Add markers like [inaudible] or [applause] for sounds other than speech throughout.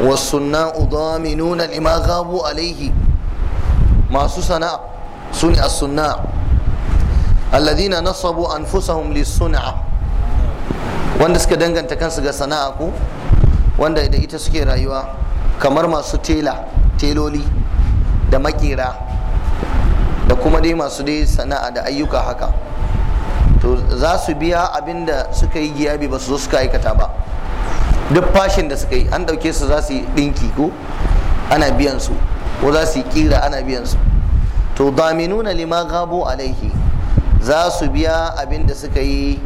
nuna lima والصناء ضامنون لما غابوا عليه ما سسنا na الصناع an نصبوا أنفسهم للصنعة wanda suka danganta kansu ga sana'a ko wanda da ita suke rayuwa kamar masu tela teloli da makera da kuma dai masu dai sana'a da ayyuka haka to za su biya abinda suka yi giyabi ba su zo suka aikata ba duk fashin da suka yi an dauke su za su yi dinki ko ana biyan su ko za su yi kira ana biyan su to daminuna lima gabo alaihi za su biya abin da suka yi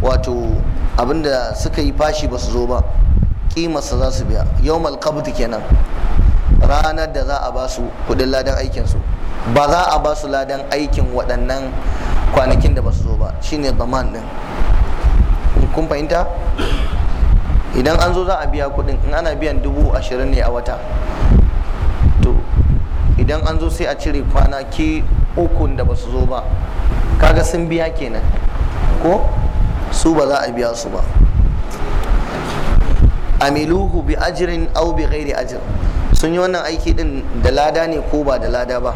wato abin da suka yi fashi ba su zo ba kimarsa za su biya Yau qabd kenan ranar da za a ba su kudin ladan aikin su ba za a ba su ladan aikin waɗannan kwanakin da ba su zo ba shine zaman ɗin. kun fahimta idan an zo za a biya kuɗin in ana biyan dubu ashirin ne a wata to idan an zo sai a cire kwana ke ukun da ba su zo ba kaga sun biya kenan ko su ba za a biya su ba amiluhu bi ajirin au bi ghairi ajir sun yi wannan aiki din da lada ne ko ba da lada ba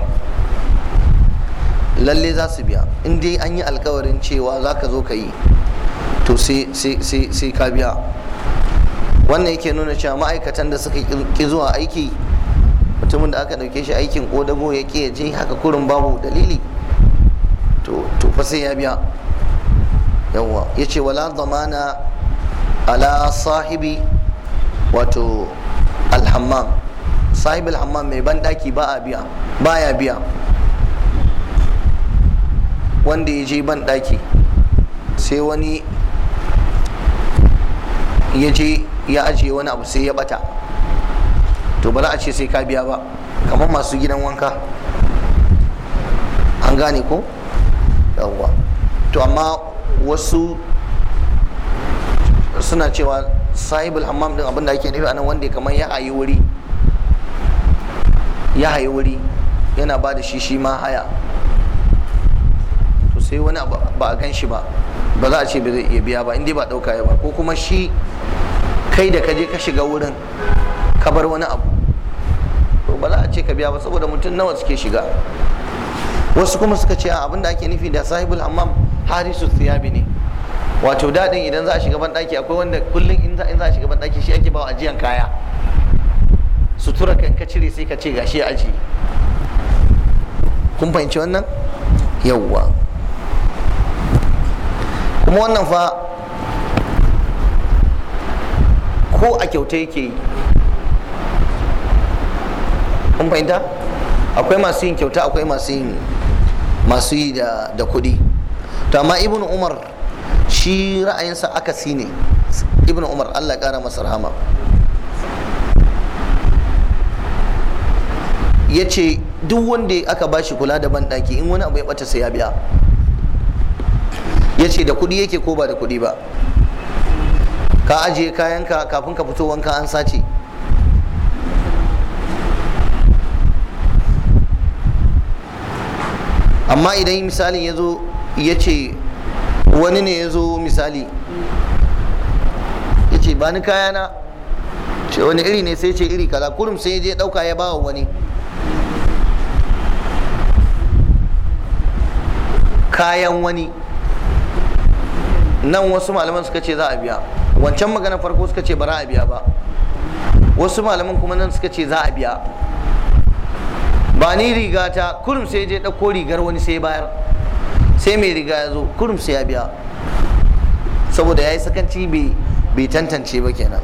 lalle za su biya in dai an yi alkawarin cewa za ka zo ka yi to sai ka biya wannan yake nuna cewa ma'aikatan da suka ki zuwa aiki mutumin da aka ɗauke shi aikin dago ya ƙi ya je haka kurin babu dalili to fa sai ya biya yawwa ya ce wala zamana ala sahibi wato alhammam sahibi alhammam mai banɗaki ba a biya ba ya biya wanda ya je banɗaki sai wani ya je ya ajiye wani abu sai ya bata to ba za a ce sai ka biya ba kamar masu gidan wanka an gane ko yawwa to amma wasu suna cewa sahibul hammam din abinda ake nufi anan wanda kamar ya hayi wuri ya hayi wuri yana ba da shi shi ma haya to sai wani ba a gan shi ba ba za a ce bai zai iya biya ba inda ba ɗauka ya ba ko kuma shi kai da kaje ka shiga wurin ka bar wani abu to ba za a ce ka biya ba saboda mutum nawa suke shiga wasu kuma suka ce abin da ake nufi da sahibul hammam harisu thiyabi ne wato daɗin idan za a shiga banɗaki akwai wanda kullum in za a shiga banɗaki shi ake bawa ajiyan kaya sutura kan ka cire sai ka ce gashi ya aji kun fahimci wannan yawwa kuma wannan fa ko a kyauta yake yi kun fahimta akwai masu yin kyauta akwai masu yin masu yi da kuɗi to amma ibn umar shi ra'ayinsa akasi ne ibn umar allah kara masa rahama ya ce duk wanda aka ba shi kula da banɗaki in wani abu ya bata sai ya biya ya ce da kuɗi yake ko ba da kuɗi ba ka ajiye kayanka kafin ka fito wanka an sace amma idan misalin ya zo ya ce wani ne ya zo misali ya ce ba ni kayana ce wani iri ne sai ce iri kaza kurum sai ya je ɗauka ya ba wani kayan wani nan wasu malaman suka ce za a biya wancan magana farko suka ce ba za a biya ba wasu malaman kuma nan suka ce za a biya ba ni riga ta kurum sai je ɗauko rigar wani sai bayar sai mai riga ya zo kurum sai ya biya saboda ya yi sakanci bai tantance ba kenan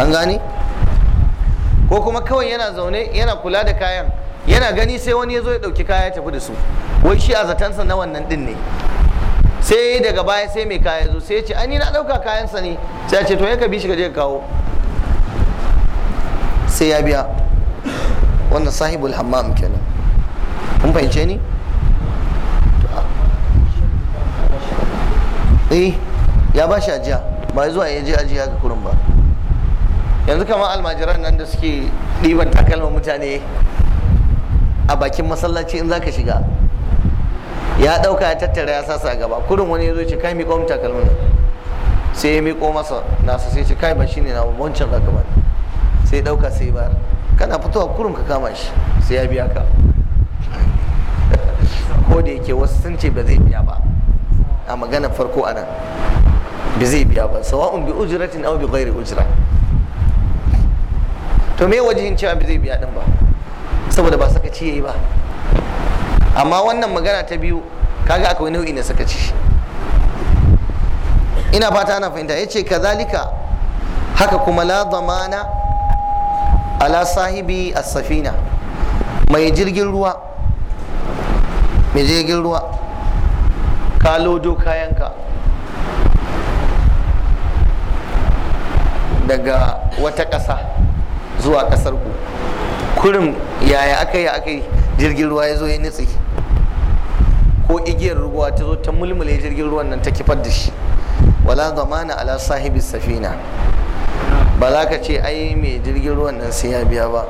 an gane ko kuma kawai yana zaune yana kula da kayan yana gani sai wani ya zo ya ɗauki kaya ya tafi da su wai shi a zatansa na wannan ɗin ne sai daga baya sai mai kaya zo sai ya ce ai ni na dauka kayansa ne sai ya ce to ya ka bi shi ka je ka kawo sai ya biya wannan sahibul hammam kenan kun fahimce ni eh ya ba shi ajiya ba zuwa ya je ajiya ga kurin ba yanzu kamar almajiran nan da suke ɗiban takalman mutane a bakin masallaci in za ka shiga ya ɗauka ya tattara ya sasa gaba kurin wani ya zo ce kai mi mu takalmin sai ya miƙo masa nasa sai ce kai ba shine na wancan zaka gaba sai ɗauka sai bayar kana fitowa kurin ka kama shi sai ya biya ka [laughs] ko da yake wasu sun ce ba zai biya ba a maganar farko a nan ba zai biya ba sawa'un bi ujratin aw bi ghairi ujra to me wajihin cewa ba zai biya din ba saboda ba saka ci ba amma wannan magana ta biyu kaga akwai nau'i na ci ina fata ana fahimta yace kazalika haka kuma la zamana ala sahibi as-safina mai jirgin ruwa mai jirgin ruwa ka lodo kayanka daga wata ƙasa zuwa ƙasar ku kurin yaya aka yi aka yi jirgin ruwa ya zo ya nutse igiyar ruwa ta zo ta mulmule jirgin ruwan nan ta kifar da shi wala zamana ala sahibi safina ba za ka ce ai mai jirgin ruwan nan sai ya biya ba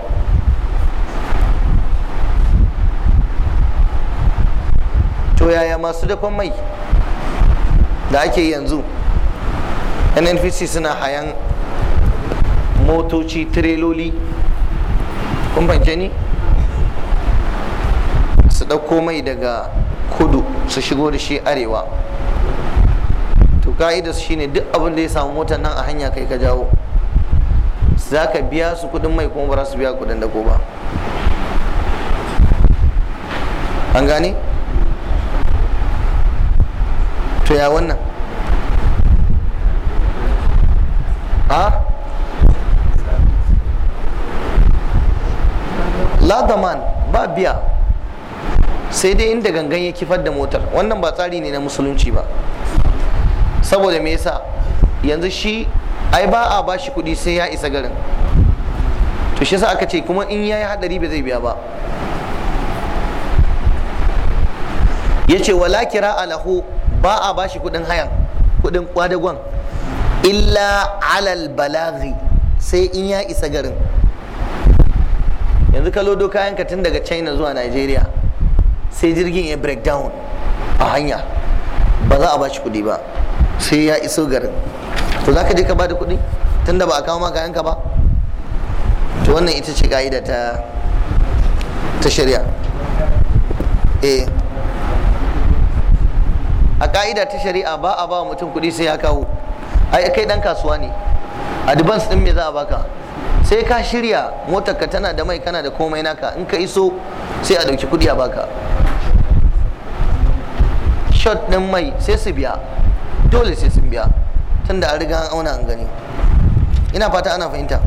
to yaya masu dafan mai da ake yanzu nnpc suna hayan motoci tireloli kun ni su ɗauko mai daga kudu su shigo da shi arewa to ka'ida su shine duk abin da ya samu motar nan a hanya kai ka jawo za ka biya su kudin mai kuma ba su biya kudin da ba an gane to ya wannan a man ba biya sai dai inda gangan ya kifar da motar wannan ba tsari ne na musulunci ba saboda me yasa yanzu shi ai ba a bashi kuɗi sai ya isa garin to shi yasa aka ce kuma in ya yi hadari ba zai biya ba ya ce wala kira alahu ba a bashi kuɗin hayan kuɗin kwadagon illa alal balaghi sai in ya isa garin yanzu ka lodo kayanka tun daga china zuwa nigeria sai jirgin ya down a hanya ba za a ba shi kuɗi ba sai ya iso garin to za ka je ka ba da kuɗi tunda ba a kawo ma kayanka ba to wannan ita ce ka'ida ta ta shari'a eh a ka'ida ta shari'a ba a ba mutum kuɗi sai ya kawo ai kai dan kasuwa ne advance din me za a baka sai ka shirya motarka tana da mai kana da komai naka in ka iso sai a ɗauki kuɗi a baka shot din mai sai su biya dole sai sun biya tunda an riga an auna an gani ina fata ana fahimta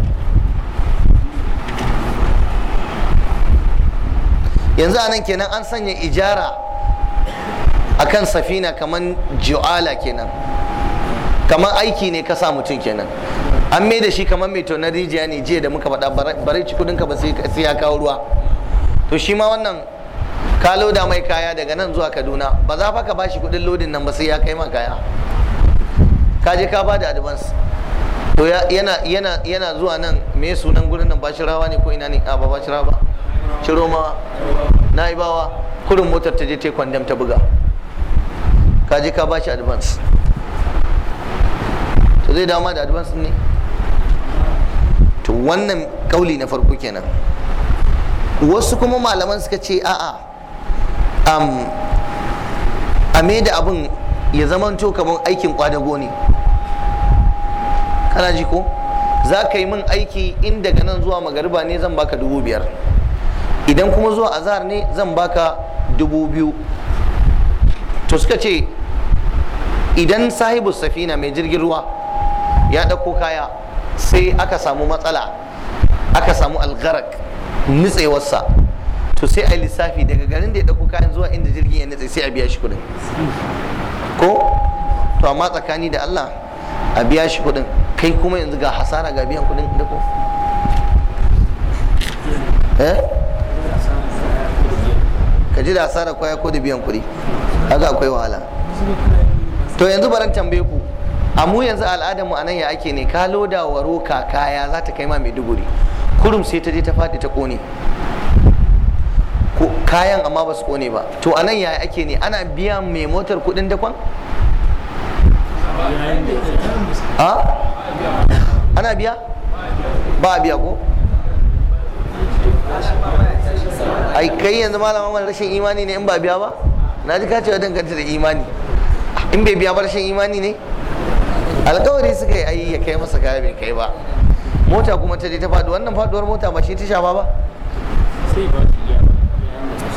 yanzu anan kenan an sanya ijara akan safina kamar ju'ala kenan kamar aiki ne ka sa mutum kenan an mai da shi kamar mai tonar rijiya ne jiya da muka faɗa bare ci kudinka ba sai ya kawo ruwa to shi ma wannan ka loda mai kaya daga nan zuwa kaduna ba za fa ka bashi kudin lodin nan ba sai ya kai ma kaya ka je ka bada advance to yana zuwa nan me sunan gurin nan bashi rawa ne ko ina ne a ba bashi rawa ba ciro ma na yi bawa kurin motar ta je te kwandam ta buga ka je ka bashi advance to zai dama da advance ne to wannan kauli na farko kenan wasu kuma malaman suka ce a'a a mai da abin ya zamanto kamar aikin kwadago ne kana ji ko za ka yi min aiki in daga nan zuwa magariba ne zan baka dubu biyar idan kuma zuwa azahar ne zan baka dubu biyu to suka ce idan sahibu safina mai jirgin ruwa ya ɗauko kaya sai aka samu matsala aka samu algarak nitsewarsa to sai a lissafi daga garin da ya dauko kayan zuwa inda jirgin ya nutse sai a biya shi kuɗin ko to amma tsakani da Allah a biya shi kuɗin kai kuma yanzu ga hasara ga biyan kuɗin da ko eh? ka ji da hasara kwaya ko da biyan kuɗi haka akwai wahala to yanzu baran tambaye ku a mu yanzu al'adar mu anan ya ake ne ka loda wa roka kaya za ta kai ma mai duguri kurum sai ta je ta faɗi ta ƙone kayan amma ba su kone ba to anan yaya ake ne ana biya mai motar kudin dakon a ana biya ba a biya ko ai kai yanzu malama wani rashin imani ne in ba biya ba na ji kacewa danganta da imani in bai biya ba rashin imani ne alkawari suka yi ayi ya kai masa kaya bai kai ba mota kuma ta je ta faɗi wannan faduwar mota ba shi ta shafa ba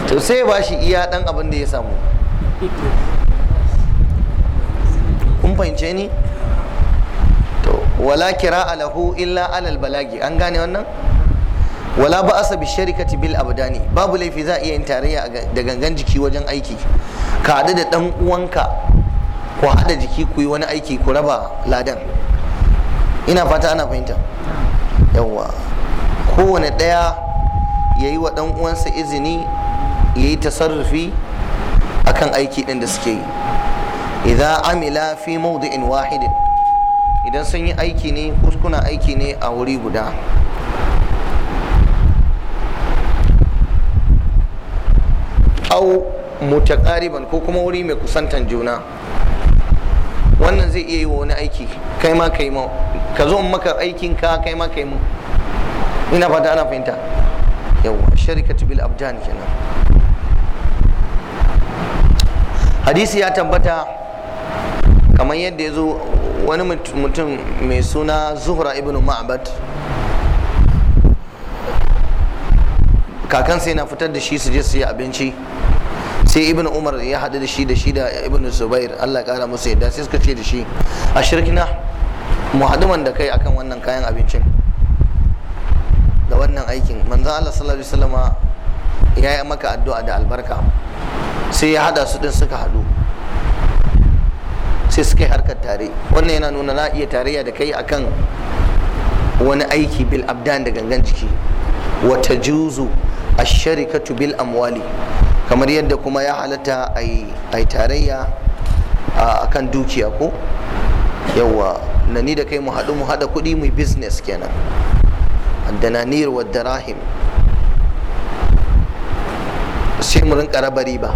to sai ba shi iya dan abin da ya samu kun fahimce ni to wala kira alahu illa alal balagi an gane wannan wala ba asa bi sharikati bil abdani babu laifi za a iya yin tarayya da gangan jiki wajen aiki ka haɗu da ɗan uwanka ku haɗa jiki ku yi wani aiki ku raba ladan ina fata ana fahimta yawwa kowane ɗaya ya yi wa ɗan uwansa izini ya yi tasarrufi kan aiki ɗin da suke yi idan amila fi mawdi'in wahidin idan sun yi aiki ne kuskuna aiki ne a wuri guda au mutaqariban ko kuma wuri mai kusantan juna wannan zai iya yi wa wani aiki kai ma kai ma ka zo maka aikin ka kai ma kai mu ina fata ana fahimta yawa sharikatu bil abdan kenan hadisi ya tabbata kamar yadda ya zo wani mutum mai suna zuhra ibn ma'bad kakansa yana fitar da shi su je su yi abinci sai ibn umar ya haɗu da shi da shi da ibn zubair allah ƙara musu yadda sai suka ce da shi a shirkina mu man da kai akan wannan kayan abincin da wannan aikin manzan allah sallallahu alaihi ya yi maka addu'a da albarka sai ya hada su din suka hadu sai suka yi harkar tare wannan yana nuna na iya tarayya da kai akan wani aiki bil abdan da gangan jiki wata juzu a sharikatu bil amwali kamar yadda kuma ya halatta a yi tarayya a kan dukiya ko yawa na ni da kai mu haɗu mu haɗa kuɗi mu business kenan da dananir wa darahim sai mu rinka raba riba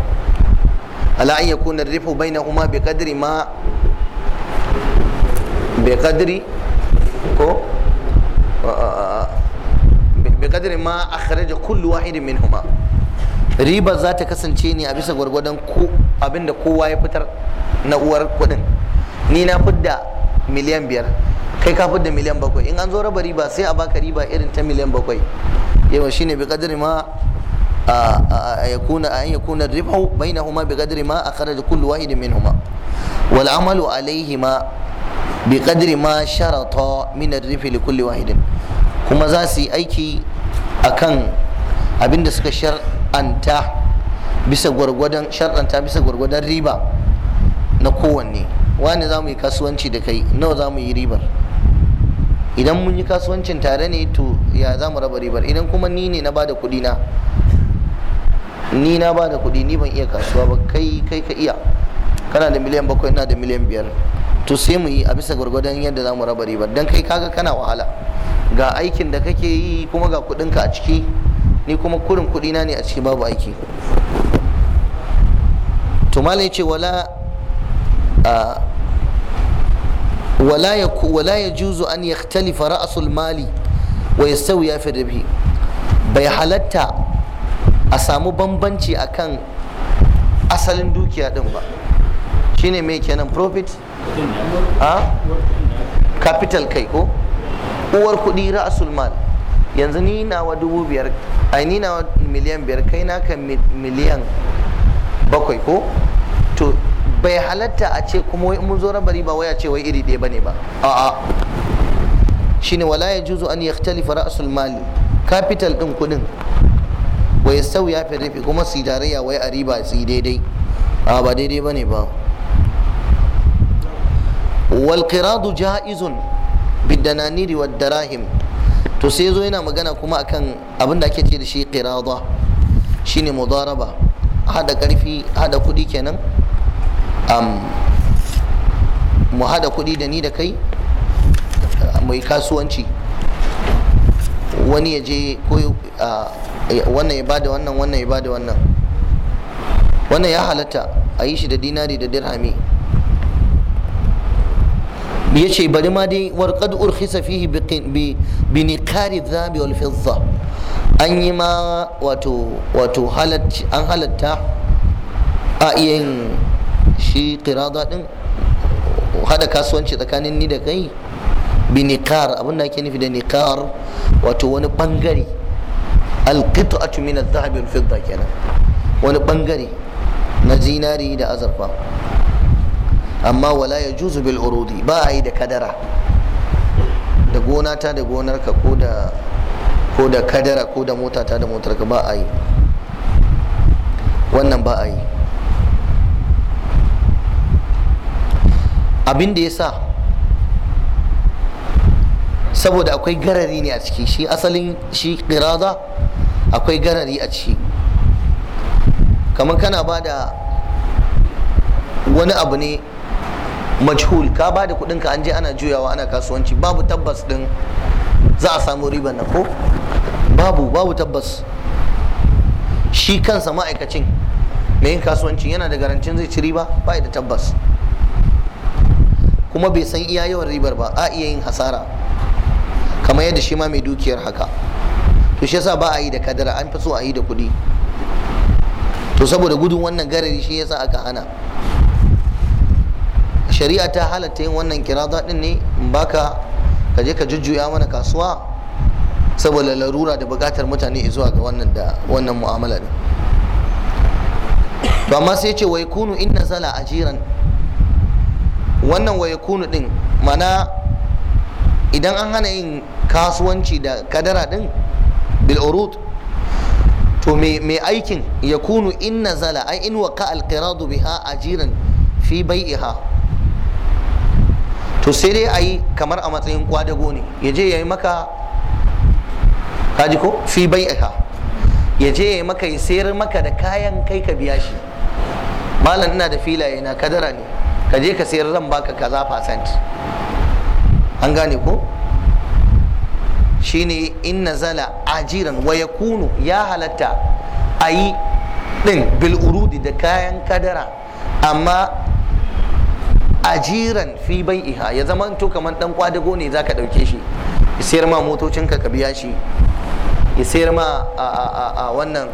ala an yakuna rifu bainahuma bai qadri ma bai kadiri ko bi qadri ma akhraja kullu wahidin minhuma riba za ta kasance ne a bisa gwargwadon abinda kowa ya fitar na uwar kudin ni na fi da miliyan biyar kai ka fi da miliyan bakwai in an zo raba riba sai a baka riba irin ta miliyan bakwai yawa ne bai kadiri ma يكون أن يكون الربح بينهما بقدر ما أخرج كل واحد منهما والعمل عليهما بقدر ما شرط من الربح لكل واحد كما زاسي أيكي أكن abinda suka shar'anta bisa gwargwadon shar'anta bisa gwargwadon riba na kowanne wani za mu yi kasuwanci da kai nawa za mu yi ribar idan mun yi kasuwancin tare ne to ya za mu raba ribar idan kuma ni ne na bada kuɗi na ni na ba da kuɗi ni ban iya kasuwa ba kai kai ka iya kana da miliyan bakwai ina da miliyan biyar to sai mu yi a bisa gwargwadon yadda za mu raba ribar don kai kaga kana wahala ga aikin da kake yi kuma ga kuɗinka a ciki ni kuma kurin na ne a ciki babu aiki to malai ce wala wala ya juzu an yaktalifa ra'asul mali wa yastawiya fi bai halatta a samu bambanci akan asalin dukiya din ba shine mai kenan profit a capital kai ko uwar kudi ra'asul mal yanzu ni nawa dubu biyar ai ni nawa miliyan biyar kai na kan miliyan bakwai ko to bai halatta a ce kuma wai mun zo rabari ba waya ce wai iri ɗaya bane ba a'a shine wala ya juzu an yakhtalifa ra'asul mali capital din kudin Wai sau fi rufi kuma su tarayya wai a riba su daidai a ba daidai ne ba wal jaizun bidananiri wa darahim to sai zo yana magana kuma akan abin da ake ce da shi qirada shine mudaraba hada karfi hada kenan mu hada kuɗi da ni da kai mai kasuwanci wani ya je ko Eh, wannan ya wannan wannan ya wannan wannan ya halatta a yi shi da dinari da dirhami ya ce bari ma dai warqad urkhisa fihi bi bi niqari dhabi wal fidda an yi ma wato wato an halatta a iya yin shi qirada din hada kasuwanci tsakanin ni da kai bi niqar abin da ake nufi da niqar wato wani bangare alqit'atu min adh-dhahab wal fidda kenan wani bangare na zinari da azurfa amma wala yajuzu bil urudi ba a yi da kadara da gona ta da gonarka ko da ko da kadara ko da mota ta da motarka ba a yi wannan ba a yi abin da ya sa saboda akwai garari ne a ciki shi asalin shi ƙiraza akwai garari a ciki kamar kana ba da wani abu ne majhul ka ba da kudinka an je ana juyawa ana kasuwanci babu tabbas din za a samu riba na ko babu babu tabbas shi kansa ma'aikacin mai yin kasuwancin yana da garancin zai ci riba ba da tabbas kuma bai san iya yawan ribar ba a iya yin hasara kamar yadda shi ma mai dukiyar haka to shi yasa ba a yi da kadara an fi so a yi da kuɗi to saboda gudun wannan garari shi yasa aka hana shari'a ta halatta yin wannan kirada din ne baka ka je ka jujjuya mana kasuwa saboda larura da bukatar mutane zuwa ga wannan da wannan mu'amala ne to amma sai ce wai kunu in nazala ajiran wannan wai kunu din mana idan an hana yin kasuwanci da kadara din bil to mai aikin ya kunu in ان وقع القراض بها اجيرا في بيعها to sai dai ayi kamar a matsayin kwadago ne ya je ya yi maka kaji ko fi ya je maka ya sayar maka da kayan kai ka biya shi malam ina da filaye na kadara ne ka je ka sayar zan baka kaza percent an gane ko shine in nazala ajiran wa yakunu ya halatta ayi din bilurudi da kayan kadara amma ajiran fi iha ya zama to kamar dan kwadago ne zaka ɗauke shi ya sayar ma motocinka ka biya shi ya sayar ma a wannan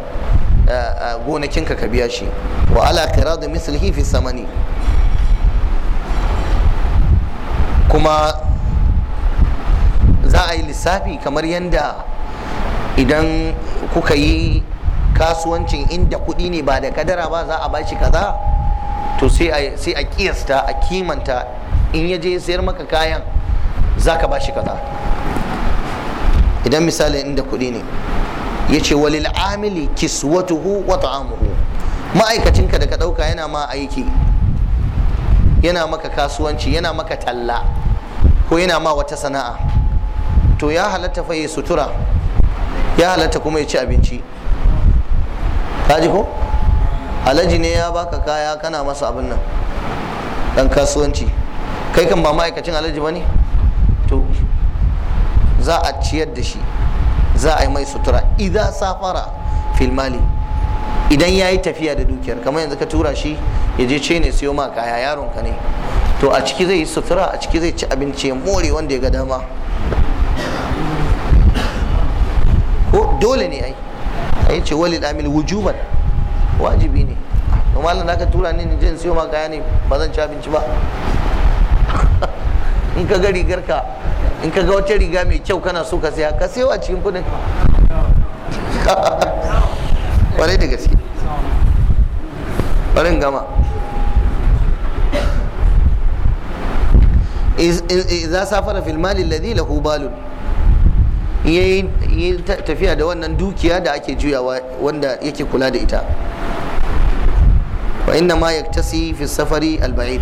gonakinka ka biya shi wa ala kiradu mislihi fi samani kuma lissafi kamar yadda idan kuka yi kasuwancin inda kuɗi ne ba da kadara ba za a bashi kaza to sai a kiyasta a kimanta in ya je sayar maka kayan za ka bashi kaza idan misali inda kuɗi ne ya ce walil amili kiswatuhu wa ta'amuhu ma'aikacinka da ka ɗauka yana ma aiki yana maka kasuwanci yana maka talla ko yana ma wata sana'a to ya halatta fa ya sutura ya halatta kuma ya ci abinci kaji ko alhaji ne ya baka kaya kana masa abin nan dan kasuwanci kai kan ba ma'aikacin alhaji ba ne to za a ciyar da shi za a yi mai sutura idan safara filmali idan ya yi tafiya da dukiyar kamar yanzu ka tura shi ya je ce ne siyo ma kaya yaron ka ne to a ciki zai yi sutura a ciki zai ci abinci ya more wanda ya ga dama dole ne ai yi ce wali damil wujuban wajibi ne kuma Allah naka tura ni jin siyo ma kaya ba zan ci abinci ba [laughs] in ka ga rigar ka in ka ga wata riga mai kyau kana so ka saya, ka siyo a cikin kudin kwarai [laughs] da gaske barin gama إذا سافر في المال الذي له بال yi tafiya da wannan dukiya da ake juyawa wanda yake kula da ita wa inna ma yaktasi fi safari alba'id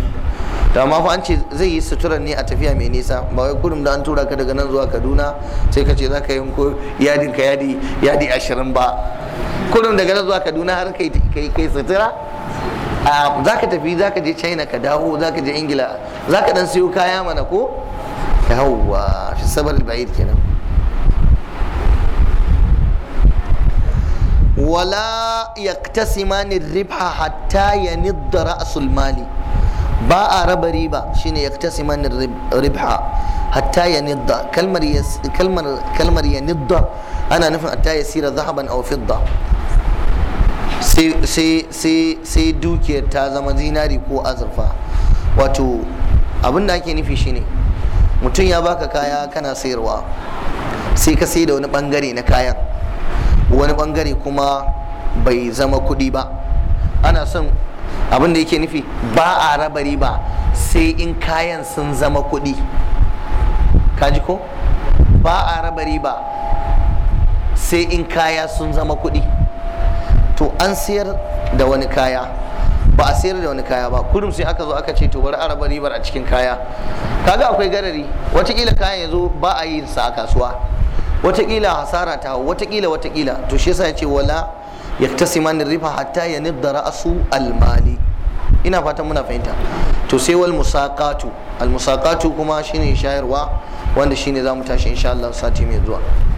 da ma fa an ce zai yi sutura ne a tafiya mai nisa ba wai kurum da an tura ka daga nan zuwa kaduna sai ka ce za ka yi ko yadin ka yadi yadi ashirin ba kurum daga nan zuwa kaduna har kai kai sutura za ka tafi za ka je china ka dawo za ka je ingila za ka dan siyo kaya mana ko yawwa fi safari alba'id kenan wala yaktasimani ribha hatta yanidda ra'sul mali ba a raba riba shine yaktasimani ribha hatta yanidda kalmar kalmar kalmar yanidda ana nufin hatta ya sira zahaban aw fidda sai dukiyar ta zama zinari ko azurfa wato abin da ake nufi shine mutum ya baka kaya kana sayarwa sai ka sai da wani bangare na kayan wani bangare kuma bai zama kuɗi ba ana son abin da yake nufi ba a raba riba sai in kayan sun zama kuɗi kaji ko ba a raba riba sai in kaya sun zama kuɗi to an sayar da wani kaya ba a sayar da wani kaya ba kurum sai aka zo aka ce to bari a raba ribar a cikin kaya kaga akwai garari watakila kayan ya ba a yin sa a kasuwa watakila hasara ta watakila watakila to shi yasa yace wala yaktasiman rifa hatta ya yanidda ra'su almali ina fatan muna fahimta to sai wal musaqatu al musaqatu kuma shine shayarwa wanda shine zamu tashi insha Allah sati mai zuwa